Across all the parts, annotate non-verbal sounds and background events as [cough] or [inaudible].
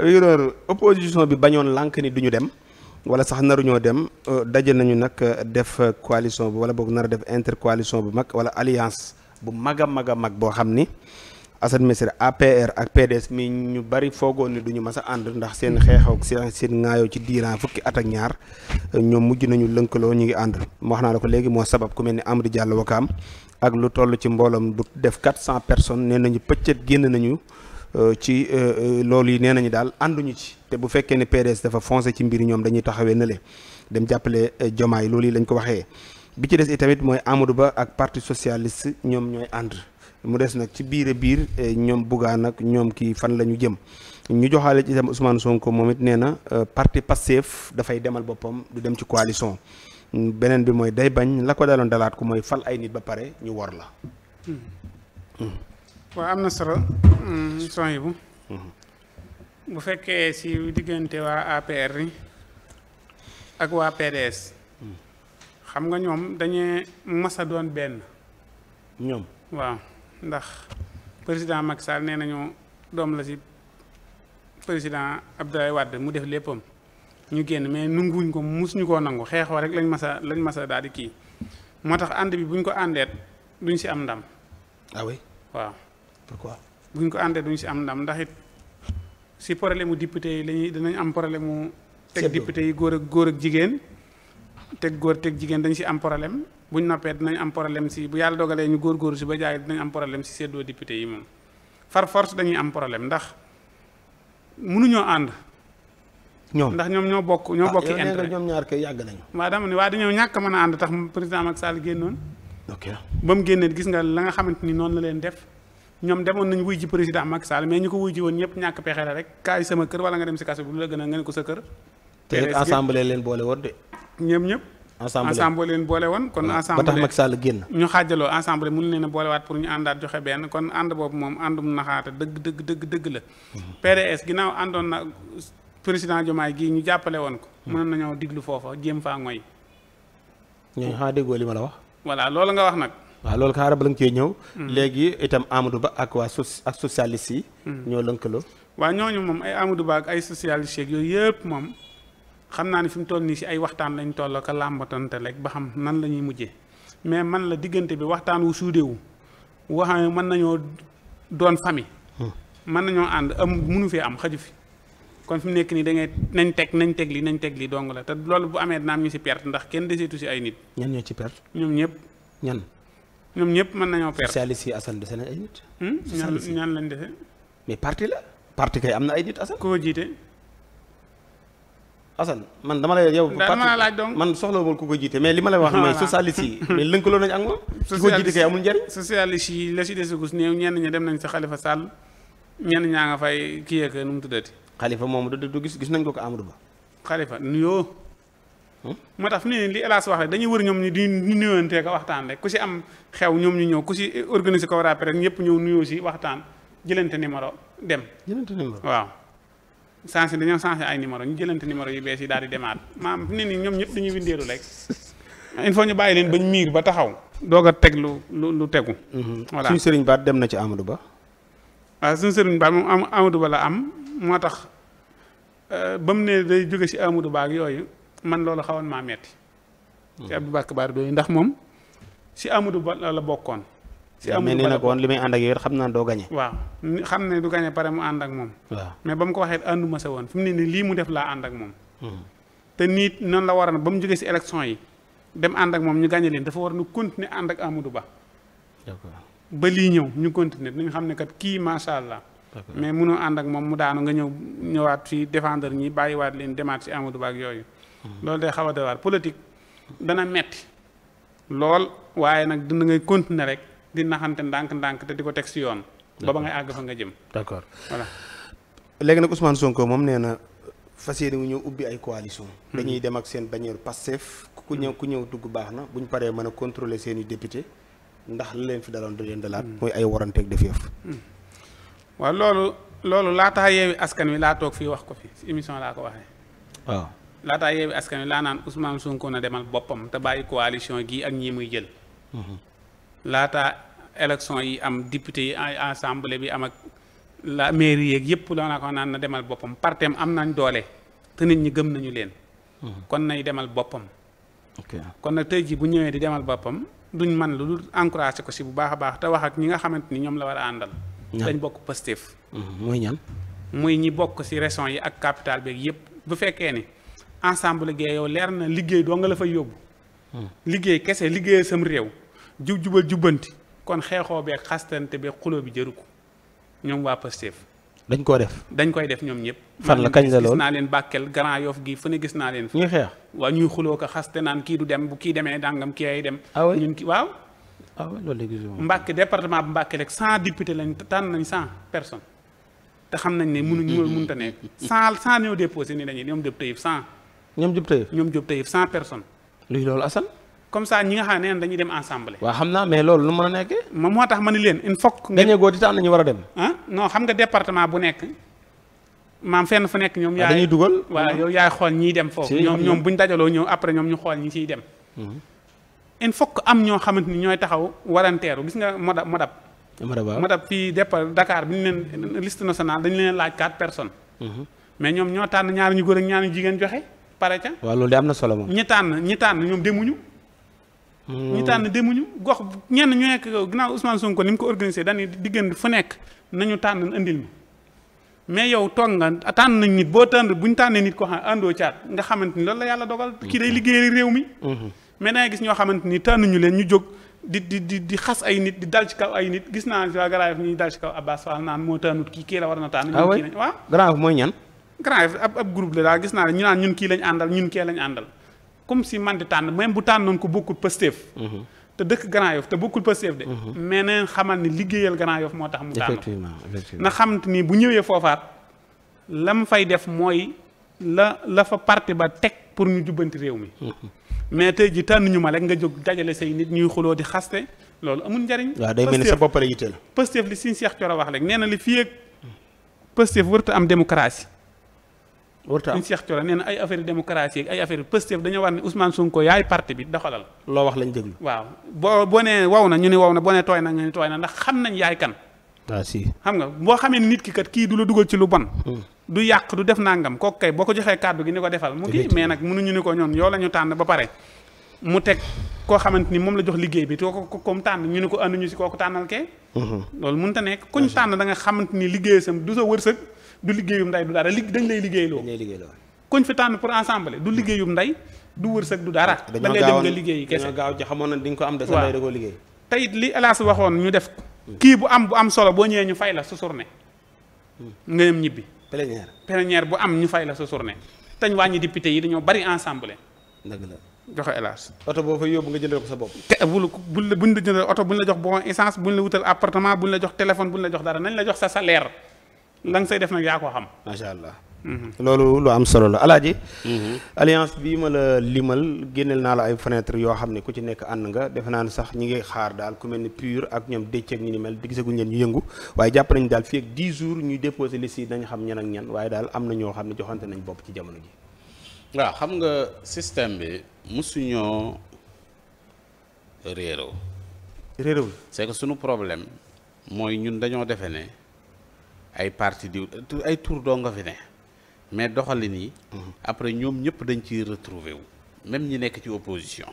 yu opposition bi bañoon lànk ni du ñu dem wala sax naruñoo dem euh, daje nañu nag euh, def coalition bu wala boog nara a def intercoalition bu mag wala alliance bu mag a mag a mag boo xam ni Assane Mesere APR ak PDS mi ñu bari foogoon ni du ñu mas a ànd ndax seen xeexoo seen seen ŋaayoo ci diiran fukki at ak ñaar euh, ñoom mujj nañu lënkaloo ñu ngi ànd wax naa la ko léegi moo sabab ku mel ni Amadou Diallo Wakaam ak lu toll ci mbooloom bu def 400 personnes nee nañu pëccët génn nañu. Euh, ci euh, euh, loolu yi nee nañu daal ànduñu ci te bu fekkee ne PDS dafa foncé ci mbir ñoom dañuy taxawee nële dem jàppale Jomaay loolu yi lañ ko waxee bi ci des itamit mooy Amadou Ba ak parti socialist ñoom ñooy ànd mu des nag ci biir biir ñoom Bougane nag ñoom kii fan la ñu jëm ñu joxale ci itam Ousmane Sonko moom it nee na parti Pastef dafay demal boppam du dem ci coalition mm, beneen bi mooy day bañ la ko daloon dalaat ko mooy fal ay nit ba pare ñu wor la. Hmm. Hmm. waa am na solo mm-hmm. son bu mm-hmm. bu fekkee si diggante waa APR yi ak waa PDS mm-hmm. xam nga ñoom dañee masa doon benn ñoom waaw ndax président Macky Sall nee nañu doom la si président Abdoulaye Wade mu def léppam ñu génn mais nunguwuñ ko mu ñu koo nangu xeexoo rek lañ masa lañ masa a kii moo tax ànd bi buñ ko àndeet duñ si am ndam ah oui pourquoi. bu ñu ko àndee duñ si am ndam ndax si problème mu député yi lañuy dinañ am problème mu. teg député yi góor ak góor ak jigéen. teg góor teg jigéen dañ si am problème bu ñu noppee dinañ am problème si bu yàlla dogalee ñu góorgóorlu si ba jaay dinañ am problème si séddoo député yi moom. far force dañuy am problème ndax mënuñoo ànd. ñoom ndax ñoom ñoo bokk ñoo ah, bokk. intérêt ñoom ñaar yàgg nañu. waaw dama ne waaye dañoo ñàkk mën a ànd tax président Macky Sall génnoon. ok ba ñoom demoon nañ wuy ji président Macky Sall mais ñu ko wuy ji woon ñëpp ñàkk pexe la rek kaay sama kër wala nga dem si kaso bi lu la gën a nga ne ko sa kër te assemblée leen boole woon de ñoom ñëpp ensemble leen boole woon kon ensemble ba tax Macky Sall génn ñu xaajaloo ensemble mun leen a boolewaat pour ñu àndaat joxe benn kon ànd boobu moom àndum naxaata dëgg dëgg dëgg dëgg la mhm. PDS ginnaaw àndoon na président Diomaye gii ñu jàppale woon ko mhm. mënoon nañoo diglu foofa jéem faa ngoy ñooñu xaa déggoo li ma la wax voilà loolu nga wax nag waaw loolu xaaral ba la nga cee ñëw. Hmm. léegi itam Amadou Ba ak waa ak socialiste yi. Hmm. ñoo lëkkaloo. waaw ñooñu moom ay Amadou Ba ak ay socialiste yeeg yooyu yëpp moom xam naa ne fi mu toll nii si ay waxtaan lañ toll ak làmbatante rek ba xam nan la ñuy mujjee mais man la diggante bi waxtaan wu suudee wu waxee mën nañoo doon famille. Hmm. mën nañoo ànd am mënu fee am xaju fi. kon fi nekk nii da ngay nañ teg nañ teg li nañ teg li dong la te loolu bu amee dina am ñu ci perte ndax kenn deseetu ci ay nit. ñan ñoo ci perte. ñoom ñëpp ñan. ñoom ñëpp mën nañoo perte. socialiste yi Assane dese na ay nit. Hmm? socialiste ñaan lañ dese. mais parti la parti kay am na ay nit Assane. koo jiite. Assane man dama lay yow. daal ma laaj donc man soxlawul ku ko jiite mais li ma lay wax. mooy socialiste yi. [laughs] mais lëkkaloo nañ ak moom. socialiste ku ko la si desegus néew ñenn ñi dem nañ si xalifa Sall ñenn ñaa nga fay kii yeeg nu mu tuddati. Khalifa moom du du gis gis nañ ko ko Amadou Ba. Khalifa nuyoo. moo tax fi ne li hélas wax rek dañuy wër ñoom ñu di nuyonteeg waxtaan rek ku si am xew ñoom ñu ñëw ku si organiser ko war a rek ñëpp ñëw nuyoo si waxtaan jëlante numéro dem. jëlante waaw. sensé dañoo sensé ay numéro ñu jëlante numéro yi bees yi daal di demaat maam fi ne nii ñoom ñëpp dañuy windeelu rek il faut ñu bàyyi leen bañ miir ba taxaw. doog a teg lu lu lu tegu. Mhm. voilà sëriñ baat dem na ci Amadou Ba. waaw suñu sëriñ baat am Amadou Ba la am moo tax euh, ba mu ne day jóge si Amadou Ba yooyu. man loolu xawoon maa metti hmm. ci Abdou Bakk Baar ndax moom si Amadou Ba la bokkoon. si Amadou Ba la bokkoon li may ànd ak yow xam naa doo gañe. waaw xam ne du gañe pare mu ànd ak moom. waaw mais ba mu ko waxee ànduma sa woon fi mu ne nii lii mu def laa ànd ak moom. Hmm. te nit noonu la war waroon ba mu jógee si élection yi dem ànd ak moom ñu gañe leen dafa war nu continuer ànd ak amadu Ba. ba lii ñëw ñu continuer ñu xam ne kat kii macha allah. mais mënoo ànd ak moom mu daanu nga ñëw ñëwaat fii défendre ñi bàyyiwaat leen demaat si Amadou Ba yooyu. loolu day xaw a doy waar politique dana metti lool waaye nag dina ngay continuer rek di naxante ndànk-ndànk te di ko teg si yoon. ba ba ngay àgg fa nga jëm. d'accord voilà. léegi nag Ousmane Sonko moom nee na fas yéene wu ñëw ubbi ay coalition hmm. dañuy dem ak seen bannière Pastef ku ñëw hmm. ku ñëw dugg baax na bu ñu paree mën a contrôler seeni i ndax li leen fi daloon du leen dalaat. Hmm. mooy ay waranteeg def yëf. waaw loolu loolu laa tax yeewi askan wi laa toog fii wax ko fi émission laa ko waxee. waaw. Ah. laataa yeewi askan wi laa naan Ousmane sunkoon a demal boppam te bàyyi coalition gi ak ñii muy jël. Mhm. laata élection yi am député yi assemblée bi am ak la mairie yeeg yëpp la naa ko naan na demal boppam partem am nañ doole te nit ñi gëm nañu leen. Mhm. kon nañ demal boppam. kon nag tey jii bu ñëwee di demal boppam duñ man lu dul encouragé ko si bu baax a baax te wax ak ñi nga xamante ni ñoom la war a àndal. dañ bokk Pastef. Mhm. muy ñan. muy ñi bokk si régions yi ak capital beeg yëpp bu fekkee ni. ensemble gee yow leer na liggéey doo nga la fay yóbbu. liggéey kese liggéey sam réew jub jubal jubbanti kon xeexoo beeg xastante beeg xuloo bi jëru ko ñoom waa Pastef. dañ koo def dañ koy def ñoom ñëpp. fan la kañ la lool naa leen Bakel Grand Yoff gi fu ne gis naa leen. ñuy xeex waaw ñuy xuloo ko xaste naan kii du dem bu kii demee dàngam kii ay dem. Ah ñun ki waaw. ah oui loolu Mbacke département bu Mbacke rek cent député lañ tànn nañ cent personnes te xam nañ ne mënuñ mënut a nekk. cent cent ñoo déposé nii dañuy ñoom député yëpp cent. ñoom Diop Taïf ñoom Diop Taïf cent personnes. luy loolu Assane. comme ça ñi nga xam ne dañuy dem ensemble. waaw xam naa mais loolu lu mën a nekkee. moo tax ma ni leen il faut que. nga góor di tax a dem. ah non xam nga département bu nekk maam fenn fu nekk ñoom. Ah, yaay dañuy dugal waaw yow yaay xool ñiy dem foofu. ñoom ñoom bu ñu dajaloo ñëw après ñoom ñu xool ñi ciy dem. Mhm. il am ñoo xamante ni ñooy taxaw waranteeru gis nga modab modab. modab fii départ Dakar bi ñu leen liste nationale dañu leen laaj quatre personnes. Mhm. mais ñoom ñoo tànn ñaari ñu góor ak ñaari jigéen joxe pare ca. waaw loolu de am na solo moom. ñi tànn ñi tànn ñoom demuñu. Hmm. ñi tànn demuñu gox ñenn ñu nekk ginnaaw Ousmane Sonko ni mu ko organisé dañuy diggante fu nekk nañu tànn andil ñu mais yow toog nga tànn nañ nit boo tànn bu ñu tànnee nit ko xam àndoo caat nga xamante ni loolu la yàlla dogal. kii day hmm. liggéey réew mi. Hmm. mais dangay gis ñoo xamante ni tànnuñu leen ñu jóg di di di di xas ay nit di dal ci kaw ay nit gis naa waa Garaaf ñuy dal ci kaw Abbas Fall naan war na tànn. Ah ñu kii grand ab ab groupe la daal gis naa ne ñu naan ñun kii lañ àndal ñun kee lañ àndal comme si man di tànn même bu tànnoon ko bokkul Pastef mhm. te dëkk Grand Yoff te bokkul Pastef de mhm. mais neen xamal ni liggéeyal Grand Yoff moo tax mu tànn na xam ni bu ñëwee foofaat la mu fay def mooy la la fa parti ba teg pour ñu jubbanti réew mi mhm. mais tey ji tànn ñu ma rek nga jóg dajale say nit ñuy xuloo di xaste loolu amul njariñ waaw day mel ni sa bopp la yitteel Pastef li Sëñ Seex Coro wax rek nee na li fii ak Pastef wërta am démocratie suñu Cheikh Thioro nee na ay affaire démocratie ay affaire Pastef dañoo war ne Ousmane Sonko yaay parti bi doxalal loo wax lañ déglu waaw boo boo nee waw na ñu ne waw na boo ne tooy na xam nañ ah, nga boo nit ki kat kii du la dugal ci lu bon hmm. du yàq du def nangam kooku kay boo ko joxee kàddu gi ni ko defal mu mais nag mënuñu ni ko ñoon yoo la ba pare mu teg xamante ni moom la jox liggéey bi te ko comme tànn ñu ne ko anduñu si kooku tànnal kee hmm. loolu mënta nekk kuñ tànn da nga ni liggéey sam du sa wërsëg du liggéeyum nday du dara li dañ lay liggéeyloo kuñ fi tànn pour ensemble du liggéeyum nday du wërsëg du dara da ngay dem nga liggéeyi kese xamoon na di nga ko am de sa nday da koo liggéey teyit li hmm. kii bu am bu am solo boo ñëwee ñu fay la su surne hmm. nga dem ñibbi plénière plénière bu am fa yóbbu jëndal ko sa bopp te bul buñ la jëndal oto buñ la jox bon essence buñ la wutal appartement buñ la jox téléphone buñ la jox dara nañ la jox sa salaire la say def nag yaa ko xam. macha allah. Mhm. loolu lu am solo la alaaji mhm. alliance bii ma la limal génneel naa la ay fenêtre yoo xam ne ku ci nekk ànd nga defe naa ne sax ñi ngi xaar daal ku mel ni pur ak ñoom décceeg ñu ni mel di gisaguñ leen ñu yëngu waaye jàpp nañu daal fii ak 10 jours ñuy déposé liste yi nañ xam ñan ak ñan waaye daal am na ñoo xam ne joxante nañ bopp ci jamono ji waaw xam nga système bi musuñoo réeroo réeroo c'est que suñu problème mooy ñun dañoo defe ne ay parti diw ay tour doo nga fi ne mais doxalin yi après ñoom ñëpp dañ ci retrouver wu même ñi nekk ci opposition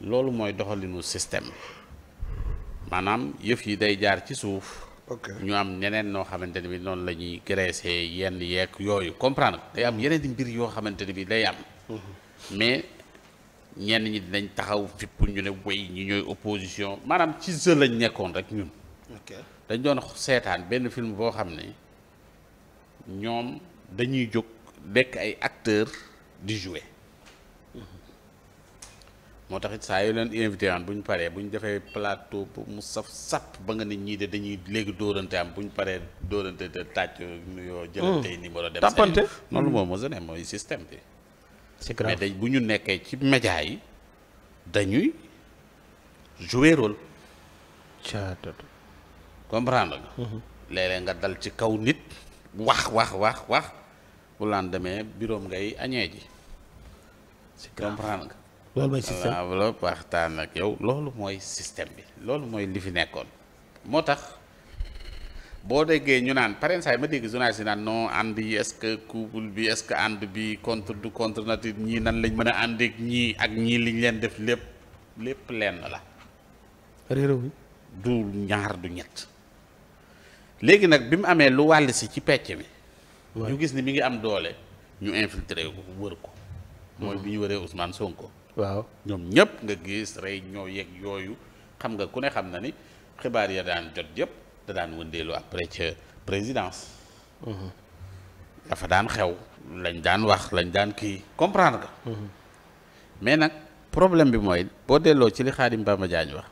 loolu mooy doxalinu système maanaam yëf yi day jaar ci suuf ñu am ñeneen noo xamante ne bi noonu la ñuy graissé yenn yeeg yooyu comprendre day am yeneen di mbir yoo xamante ne bi day am mais ñenn ñi dinañ taxaw fipp ñu ne way ñi ñooy opposition maanaam ci jeu lañ nekkoon rek ñun dañ doon seetaan benn film boo xam ne ñoom dañuy jóg dekk ay acteurs di jouer moo tax it saa yu leen invité waan bu ñu paree bu ñu defee plateau bu mu saf sap ba nga nit ñii de dañuy léegi dóorante am bu ñu paree dóorante te tàcc nuyoo. jëlantey hmm. numéro dem tàppante noonu hmm. moom moo ne mooy système bi. c'est mais bu ñu nekkee ci média yi dañuy jouer rôle. comprendre nga. Mhm. léeg nga dal ci kaw nit. wax wax wax wax bu laan demee bureau ngay añee ji. c'est comprendre nga. loolu mooy système ak yow loolu mooy système bi loolu mooy li fi nekkoon. moo tax boo déggee ñu naan parents saay ma dégg journaliste yi naan non ànd yi est-ce que couple bi est-ce que ànd bi contre du contre nature ñii nan lañ mën a àndeek ñii ak ñii liñ leen def lépp lépp lenn la. réeróo bi. du ñaar du ñett. léegi nag bi mu amee lu wàll si ci pecc mi ñu gis ni mi ngi am doole ñu infiltre ko wër ko mooy bi ñu wëree Ousmane Sonko waaw ñoom ñëpp nga gis rey ñoo yeeg yooyu xam nga ku ne xam na ni xibaar ya daan jot yëpp da daan wëndeelu après ca présidence mhm. dafa daan xew lañ daan wax lañ daan kii comprendre nga mhm. mais nag problème bi mooy boo delloo ci li Khadim Bamba Diagne wax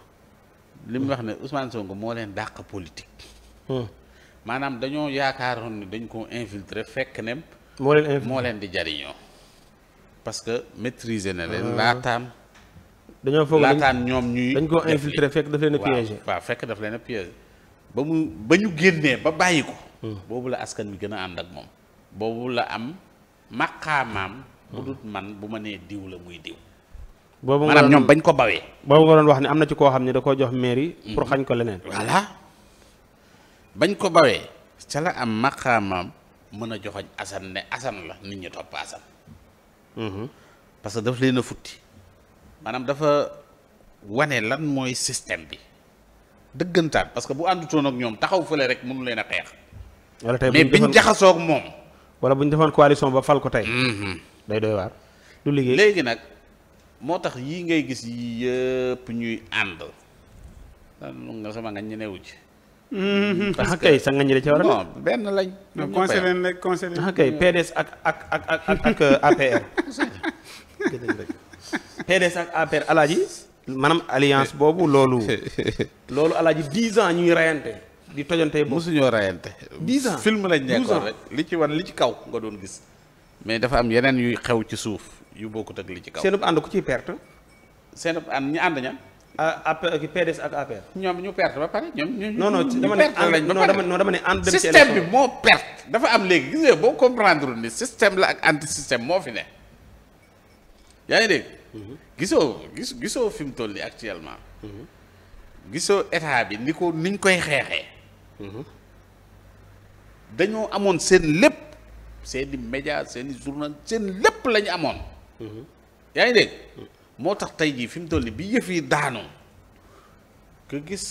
li mu wax ne Ousmane Sonko moo leen dàq politique maanaam dañoo yaakaaroon ni dañ koo infiltrer fekk ne. moo leen moo leen di jariñoo parce que maîtriser na leen. Ah. laataan. dañoo foog laataan ñoom ñuy. dañ koo infiltrer fekk daf leen a fekk daf leen a piéger ba mu ba ñu génnee ba bàyyi ko. Hmm. boobu la askan wi gën a ànd ak moom. boobu la am maqaamaam. bu dut man bu ma nee diw la muy diw. boobu nga maanaam ñoom bañ ko bawee. boobu nga doon wax ne am na ci koo xam ne da koo jox mairie. Hmm. pour xañ ko leneen. voilà. bañ ko bawee ca la am maqaamaam mën a joxoñ asan ne asan la nit ñi topp asan mhm. parce que daf leen a futti maanaam dafa wane lan mooy système bi dëggantaan parce que bu àndutoon ak ñoom taxaw fële rek mënu leen a xeex wala tey mais biñ jaxasoo ak moom wala bu ñu defoon coalition ba fal ko tey mhm. day doy waar du liggéey léegi nag moo tax yii ngay gis yii yëpp ñuy ànd nga sama nga ñenewu ci Mm-hmm. parce ah, que sa ngañ da ci war a. benn lañ. ñoom conseil leen rek ah, ak ak ak ak ak APR. PDS ak euh, APR [laughs] maanaam alliance boobu loolu. loolu alaaji dix ans ñuy reyante di tojante boobu. mosuñoo rayante. dix ans film lañ nekkoon rek li ci wan li ci kaw nga doon gis. mais dafa am yeneen yuy xew ci suuf yu bokkut ak li ci kaw. seen ànd ku ciy perte. seen ànd ñu ànd ña. après PDS ak APR. ñoom ñu perte ba pare ñoom ñu. non non dama ne ànd non dama ne ànd dem ci système bi moo perte dafa am léegi gis boo comprendre ni système la ak anti système moo fi ne. yaa ngi dégg. Mhm. gisoo gis gisoo fi mu toll nii actuellement. Mhm. gisoo état bi ni ko niñ koy xeexee. Mhm. dañoo amoon seen lépp seen i média seen i journal seen lépp la ñu amoon. yaa ngi dégg. moo tax tey jii fi mu toll bi yëf yi daanoo nga gis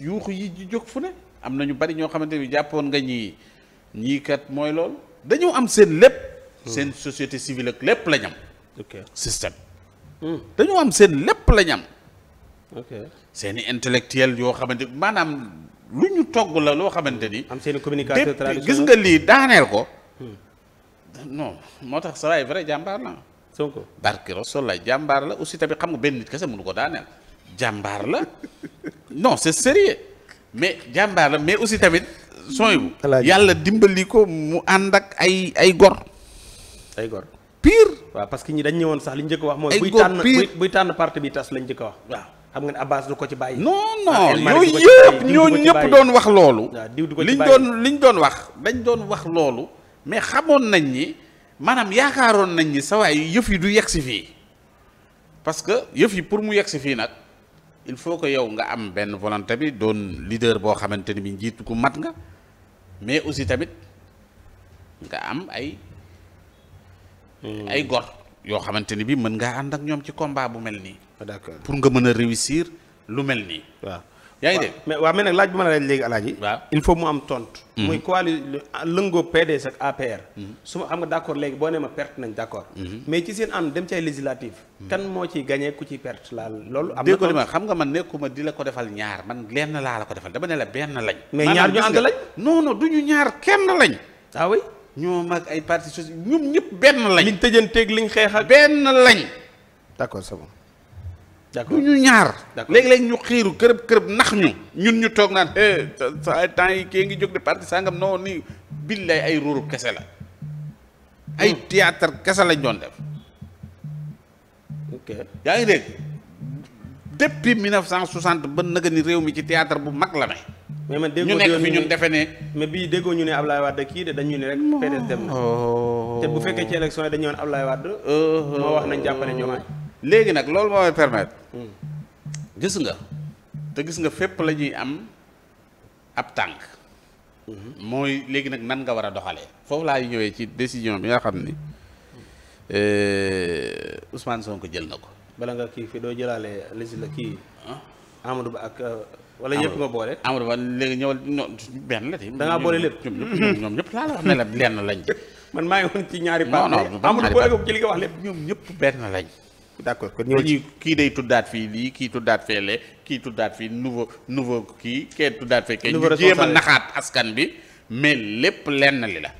yuuxu yi di jóg fu ne am na ñu bari ñoo xamante ni jàppoon nga ñii ñii kat mooy lool dañoo am seen lépp. Hmm. seen société civile ak lépp la ñam. ok système. Hmm. dañoo am seen lépp la ñam. seen i intellectuel yoo xamante maanaam lu ñu togg la loo xamante ni. Hmm. am seen communication traditionnelle gis nga lii daaneel ko. non moo tax sa waay jàmbaar la Sonko barki Rasul jàmbaar la aussi tamit xam nga benn nit kese mënu ko daaneel jàmbaar la non c'est sérieux mais jàmbaar la mais aussi tamit sooybu yàlla dimbali ko mu ànd ak ay ay gor ay gor pire waaw parce que ñi dañ ñëwoon sax li njëkk wax mooy buy tànn buy tànn parti bi tas lañ njëkk wax waaw xam nga ne Abbas du ko ci bàyyi non non yooyu yëpp ñoo ñëpp doon wax loolu li liñ doon ñu doon wax dañ doon wax loolu mais xamoon nañ ni maanaam yaakaaroon nañ ni sawaay yëf yi du yegg si fii parce que yëf yi pour mu yegg si fii nag il faut que yow nga am benn volonté bi doon leader boo xamante ni bi njiitu ku mat nga mais aussi tamit nga am ay ay gox yoo xamante ni bi mën ngaa ànd ak ñoom ci combat bu mel nii d'accord pour nga mën a réussir lu mel nii waaw yaa ngi dégg mais waaw mais nag laaj bi ma la laaj léegi alaaji waaw il faut mu am tontu. Mhm. muy coali lëngoo PDS ak APR. Mhm. su ma xam nga d' accord léegi boo nee ma perte nañ d' accord. Mhm. mais ci seen ànd dem ci ay législative kan moo ciy gagné ku ciy perte laa loolu. am na xam nga man nekkuma di la ko defal ñaar man lenn laa la ko defal dama ne la benn lañ. mais ñaar ñu ànd lañ. non non du ñu ñaar kenn lañ. ah oui ñoom ak ay parti sociaux ñoom ñëpp benn lañ. liñ tëjanteeg liñ xeex ak benn lañ. d' accord c'est bon. du ñu ñaar. léegi-léegi ñu xiiru kërëb kërëb nax ñu. ñun ñu toog naan eh sa ay temps yi kii ngi jóg di parti sangam non nii billaay ay ruurub kese la. ay hmm. théâtre kese lañ doon def. ok yaa ngi dégg depuis 1960 ba naga ni réew mi ci théâtre bu mag la may. mais man déggoo ñu nekk fi ñun defe ne. mais bii déggoo ñu ne Ablaye Wade kii de dañu ne rek. PDS dem na. te bu fekkee ci élection yi dañu ñëwoon Ablaye Wade. Oh. moo wax nañ jàppale Diomaye. léegi nag loolu moo may hmm. gis nga te gis nga fépp la ñuy am ab tànk. Hmm. mooy léegi nag nan nga war a doxalee foofu laay ñëwee ci décision bi nga xam ni eh, Ousmane Sonko jël na ko. bala nga kii fii doo jëlaale législative kii ah. Amadou Ba ak. Euh, wala ñëpp nga boole Amadou Ba léegi ñëwal benn la te. boole lépp ñoom ñëpp laa la wax ne lenn lañ. [laughs] man maa ngi woon ci ñaari. non non Amadou boole ko ci li nga wax lépp ñoom ñëpp benn lañ. d'accord kon ñëw kii day tuddaat fii lii kii tuddaat fee lee kii tuddaat fii nouveau nuveau kii kee tuddaat fee kee ñu jéem a naxaat askan bi mais lépp lenn li la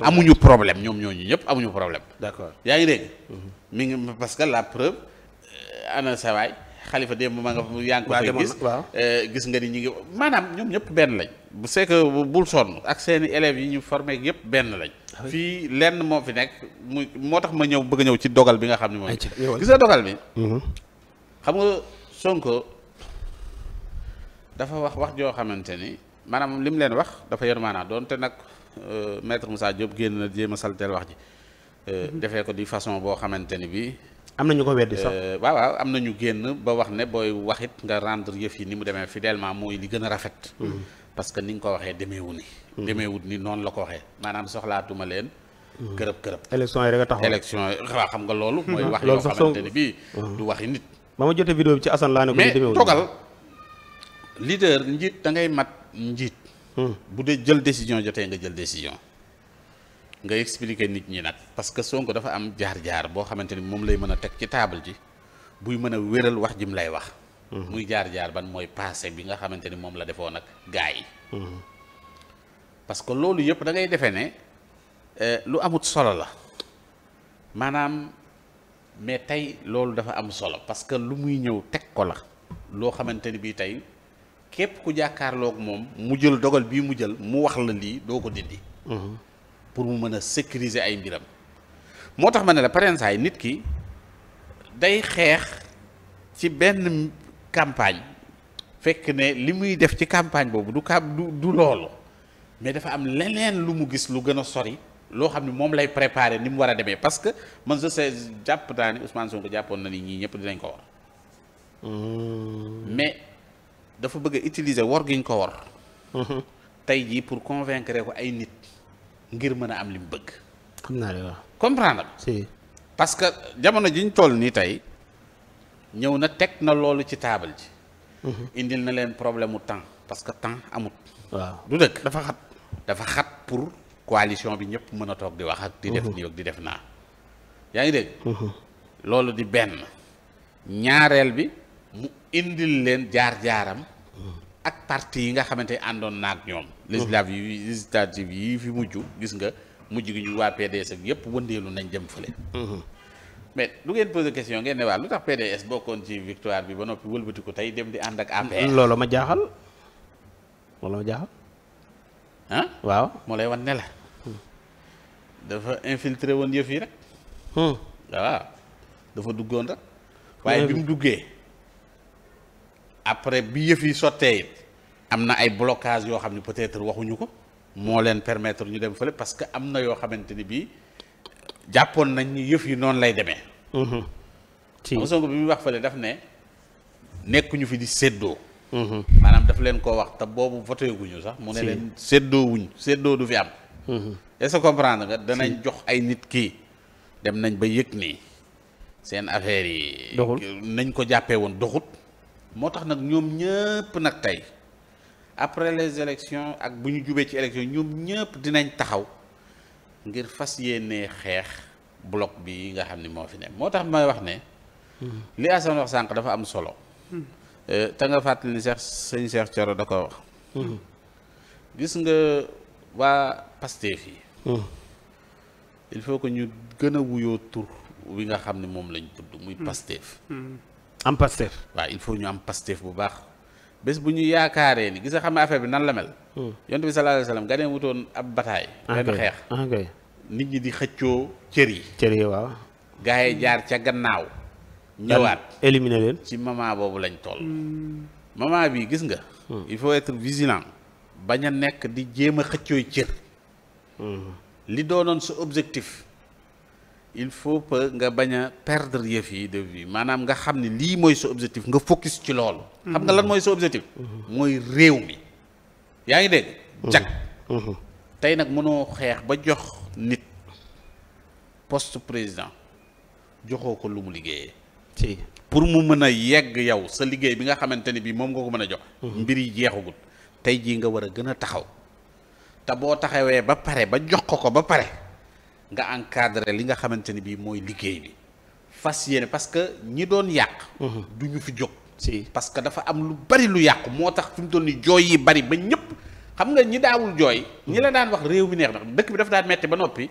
amuñu problème ñoom ñooñu ñëpp amuñu problème d'accord yaa ngi dégg mhm. mi ngi parce que la preuve euh, ana sawaay xalifa démb ma nga yaa ngi ko fay gis euh, gis nga ni ñu ngi maanaam ñoom ñëpp benn lañ bu c'est que bul sonn ak seeni élève yi ñu formé yëpp benn lañ fii lenn moo fi nekk mu moo tax ma ñëw bëgg a ñëw ci dogal bi nga xam ne moom gis nga dogal bi mm-hmm. xam nga Sonko dafa wax wax joo xamante ni maanaam li mu leen wax dafa yor maanaam doonte nag euh, maître Moussa Diop génn na jéem a salteel wax ji euh, mm-hmm. defee ko di façon boo xamante ni bi am na ñu ko weddi sax euh, waaw waaw am na ñu génn ba wax ne booy waxit nga rendre yëf yi ni mu demee fidèlement mooy li gën a rafet mm-hmm. parce que ni nga ko waxee demeewu ni Mm-hmm. demeewut ni noonu la ko waxee maanaam soxlaatuma leen mm-hmm. kërëb kërëb élection yi rek a taxaw élection yi waaw xam nga loolu mooy mm-hmm. wax yoo xamante ne bii wax waxi nit ba ma jotee vidéo bi ci Assane laa ne ko mais togal leader njiit da ngay mat njiit bu dee jël décision jotee nga jël décision nga expliquer nit ñi nag parce que Sonko dafa am jaar-jaar boo xamante ni moom lay mën a teg ci table ji buy mën a wéral wax jim lay wax muy jaar-jaar ban mooy passé bi nga xamante ni moom la defoon nag gaa yi parce que loolu yëpp da ngay defee ne euh, lu amut solo la maanaam mais tey loolu dafa am solo parce que lu muy ñëw teg ko la loo xamante ni bii tey képp ku jàkkaarloog moom mu jël dogal bii mu jël mu wax la lii doo ko dindi. Mhm. pour mu mën a sécuriser ay mbiram. moo tax ma ne la parensaay nit ki day xeex ci benn campagne fekk ne li muy def ci campagne boobu du ka du du loolu. mais dafa am leneen lu mu gis lu gën a sori loo xam ne moom lay préparer ni mu war a demee parce que man je sais jàpp naa ni Ousmane Sonko jàppoon na ni ñii ñëpp dinañ ko war. mais dafa bëgg a utiliser wor gi ñu ko war. tey jii pour convaincre ko ay nit ngir mën a am li mu bëgg. xam naa comprendre parce que jamono ji ñu toll nii tey ñëw na teg na loolu ci taabal ji. Mhm. indi na leen problème u temps parce que temps amut. waaw du dëkk dafa xat. dafa xat pour coalition bi ñëpp mën a toog di wax ak di def nii ak di def naa yaa ngi dégg loolu di benn ñaareel bi mu indil leen jaar-jaaram ak parti yi nga xamante àndoon naag ñoom législative yi législative yi fi mujj gis nga mujj gi ñu waa PDS ak yëpp wëndeelu nañ jëm fële mais lu ngeen posé question ngeen ne waa lu tax PDS bokkoon ci victoire bi ba noppi wëlbatiku tey dem di ànd ak APR loolu ma jaaxal loolu ma jaaxal ah waaw moo lay wan ne dafa infiltré woon yëf yi rek waaw hmm. dafa duggoon rek waaye hmm. bi mu duggee après bi yëf yi sottee it am na ay blocage yoo xam ne peut-être waxuñu ko moo leen permettre ñu dem fële parce que am na yoo xamante ni bii jàppoon nañ ni yëf yi noonu lay demee ci hmm. Sonko bi muy wax fële daf ne nekkuñu fi di séddoo maanaam daf leen ko wax te boobu voté guñu sax mu ne leen séddoo wuñ séddoo du fi am est comprendre nga danañ jox ay nit kii dem nañ ba yëg nii seen affaire yi nañ ko jàppee woon doxut moo tax nag ñoom ñëpp nag tey après les élections ak bu ñu jubee ci élections ñoom ñëpp dinañ taxaw ngir fas yéenee xeex bloc bi nga xam ni moo fi ne moo tax may wax ne hmm. li Assane wax dafa am solo hmm. Eh, te nga fàttali ni Cheikh sëñ Cheikh Thioro da ko wax mhm. gis nga waa Pastef yi mhm. il faut que ñu gën a wuyoo tur wi nga xam ne moom lañ tudd muy mhm. Pastef am Pastef waaw il faut ñu am Pastef bu baax bés bu ñu yaakaaree ni gis nga xam ne affaire bi nan la mel yonent bi sallallahu alayhi wasallam ganee wutoon ab bataay ah, benn xeex ah, nit ñi di xëccoo cër yi cër yi waaw gars yi jaar ca gannaaw ñëwaat éliminer leen ci moment boobu lañ toll. moment bi gis nga. Hmm. il faut être vigilant. bañ a nekk di jéem a xëccooy cër. Hmm. li doonoon sa objectif. il faut que nga bañ a perdre yëf yi de vue maanaam nga xam ne lii mooy sa objectif nga focus ci loolu. xam nga lan mooy sa objectif. Hmm. mooy réew mi. yaa ngi dégg. jag. tey nag mënoo xeex ba jox nit post président joxoo ko lu mu liggéeyee. ci pour mu mën a yegg yow sa liggéey bi nga xamante ni bii moom nga ko mën a jox. Mhm. mbir yi jeexagul tey jii nga war a gën a taxaw te boo taxawee ba pare ba jox ko ko ba pare nga encadré li nga xamante ni bii mooy liggéey bi fas yéene parce que ñi doon yàq. Mhm. duñu ñu fi jóg. si parce que dafa am lu bari lu yàqu moo tax fi mu toll ni jooy yi bari ba ñëpp xam nga ñi daawul jooy. ñi mhm. la daan wax réew mi neex na dëkk bi dafa daan metti ba noppi.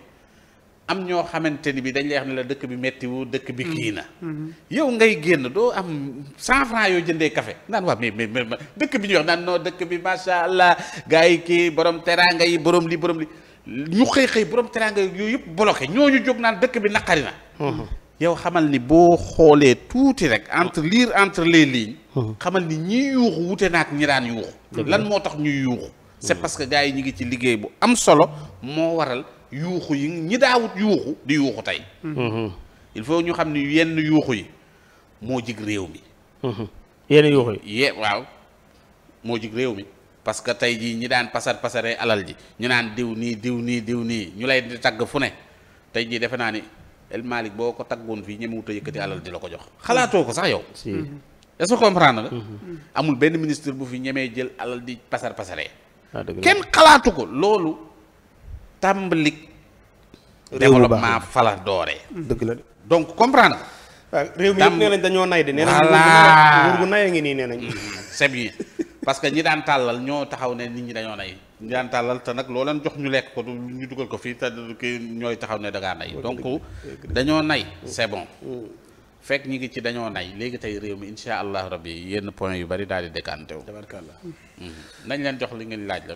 am ñoo xamante ni bi dañ lay wax ne la dëkk bi méttiwu dëkk bi mm-hmm. kii na mm-hmm. yow ngay génn doo am cent franc yoo jëndee kafe naan waa mais mais dëkk bi ñuy wax naan non dëkk bi macha allah gars yi kii borom teraanga yi borom lii borom li ñu xëy xëy borom teraanga yooyu yëpp bloqué ñooñu jóg naan dëkk bi naqari na mm-hmm. yow xamal ni boo xoolee tuuti rek entre lire entre les lignes xamal ni ñiy yuuxu wute naak ñi daan yuuxu lan moo tax ñuy yuuxu c'est parce que gars yi ñu ngi ci liggéey bu am solo moo waral yuuxu yi ñu daawut yuuxu di yuuxu tey mm-hmm. il faut ñu xam ni yenn yuuxu yi moo jig réew mi mm-hmm. yenn yuuxu yi ye waaw moo jig réew mi parce que tey jii ñi daan pasar pasaree alal ji ñu naan diw nii diw nii diw nii ñu lay di tagg fu ne tey jii defe naa ni El boo ko taggoon fii ñemewut a yëkkati alal di la ko jox xalaatoo ko sax yow mm-hmm. est-ce que comprendre la amul benn ministre bu fi ñemee jël alal di pasar pasaree ah, kenn xalaatu ko loolu tàmbalik développement fala doore mm-hmm. dëgg la donc comprendre ah, réew mi yëpp nee nañ dañoo nay di nee nañ nguur gu nay a ngi nii nee nañ mm-hmm. c'est bien parce que ñi daan tàllal ñoo taxaw ne nit ñi dañoo nay ñi daan tàllal te nag looleen jox ñu lekk ko du ñu dugal ko fii te ki ñooy taxaw ne dangaa nay donc dañoo nay c'est mm-hmm. fekk ñu ngi ci dañoo nay léegi tey réew mi incha allah rab rabbi yenn point yu bari daal di décanté wu. tabarkalla mhm. nañ leen jox li ngeen laaj la.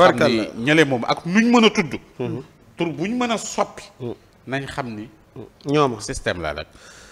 la ñele moom ak ñu mën a tudd. Mhm. tur ñu mën a soppi. Mhm. nañ xam ni. ñoom système la rek.